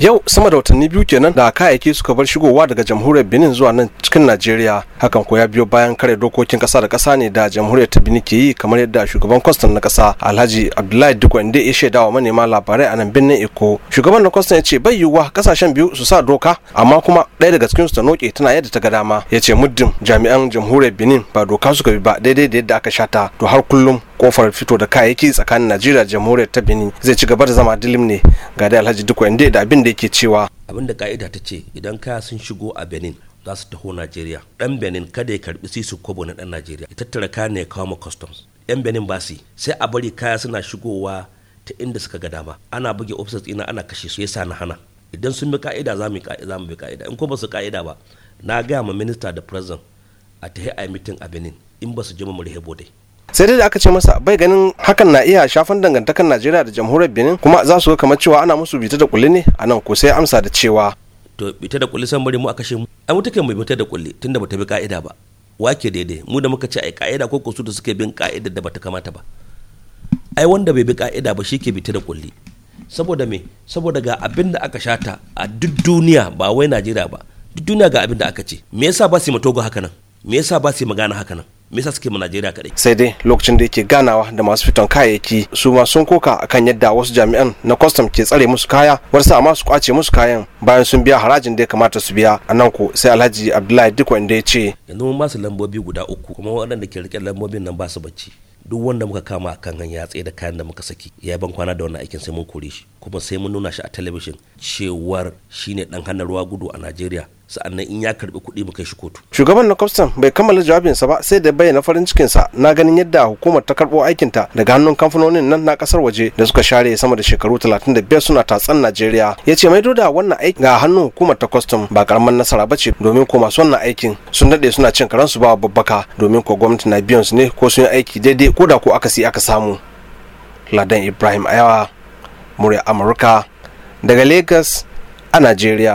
yau sama da watanni biyu kenan da kayayyaki suka bar shigowa daga jamhuriyar benin zuwa nan cikin najeriya hakan ko ya biyo bayan kare dokokin kasa da kasa ne da jamhuriyar ta benin ke yi kamar yadda shugaban kwastan na kasa alhaji abdullahi dukwande inda ya shaida wa manema labarai a nan birnin eko shugaban na kwastan ya ce bai yiwuwa kasashen biyu su sa doka amma kuma ɗaya daga cikin su ta noke tana yadda ta ga dama ya ce muddin jami'an jamhuriyar benin ba doka suka bi ba daidai da yadda aka shata to har kullum kofar fito da kayayyaki tsakanin najeriya jamhuriyar ta benin zai ci gaba da zama dilim ne ga da alhaji duk wanda da abin da yake cewa abin da ka'ida ta ce idan kaya sun shigo a benin za su taho najeriya dan benin kada ya karbi sisu kobo na dan najeriya ya tattara kayan ne ya kawo ma customs yan benin ba su sai a bari kaya suna shigowa ta inda suka ga dama ana buge officers ina ana kashe su yasa na hana idan sun bi ka'ida za mu bi ka'ida in ko ba su ka'ida ba na gaya ma minista da president a yi a mitin a benin in ba su jima mu rihe bodai sai dai da aka ce masa bai ganin hakan na iya shafan dangantakar najeriya da jamhuriyar benin kuma za su ga kamar cewa ana musu bita da kulle ne a nan ko sai amsa da cewa to bita da kulle san bari mu a kashe mu ai mutake mu bita da kulle tunda bata bi ka'ida ba wake daidai mu da muka ce ai ka'ida ko su da suke bin ka'idar da bata kamata ba ai wanda bai bi ka'ida ba shi ke bita da kulle saboda me saboda ga abin da aka shata a duk duniya ba wai najeriya ba duk duniya ga abin da aka ce me yasa ba su yi matogo haka nan me yasa ba su yi magana haka nan me yasa suke mu Najeriya kadai sai dai lokacin da yake ganawa da masu fiton kayayyaki su ma sun koka akan yadda wasu jami'an na kwastam ke tsare musu kaya wasu amma su kwace musu kayan bayan sun biya harajin da ya kamata su biya a nan ko sai Alhaji Abdullahi Diko inda ya ce yanzu mun ba su lambobi guda uku kuma waɗanda ke rike lambobin nan ba su bacci duk wanda muka kama kan hanya ya tsaye da kayan da muka saki ya ban kwana da wannan aikin sai mun kore shi kuma sai mun nuna shi a talabishin cewar shine dan hana ruwa gudu a Najeriya sa'annan in ya karbi kuɗi mu kai shi kotu. Shugaban na kwastam bai kammala jawabinsa ba sai da bayyana farin cikinsa na ganin yadda hukumar ta karɓo aikinta daga hannun kamfanonin nan na ƙasar waje da suka share sama da shekaru talatin da 35 suna tatsan Najeriya. Ya ce mai da wannan aiki ga hannun hukumar ta kwastam ba karamar nasara ba ce domin ko masu wannan aikin sun daɗe suna cin karansu ba babbaka domin ko gwamnati na biyan su ne ko sun yi aiki daidai ko da ko aka akasi aka samu. Ladan Ibrahim Ayawa, Murya Amurka, daga Lagos a Najeriya.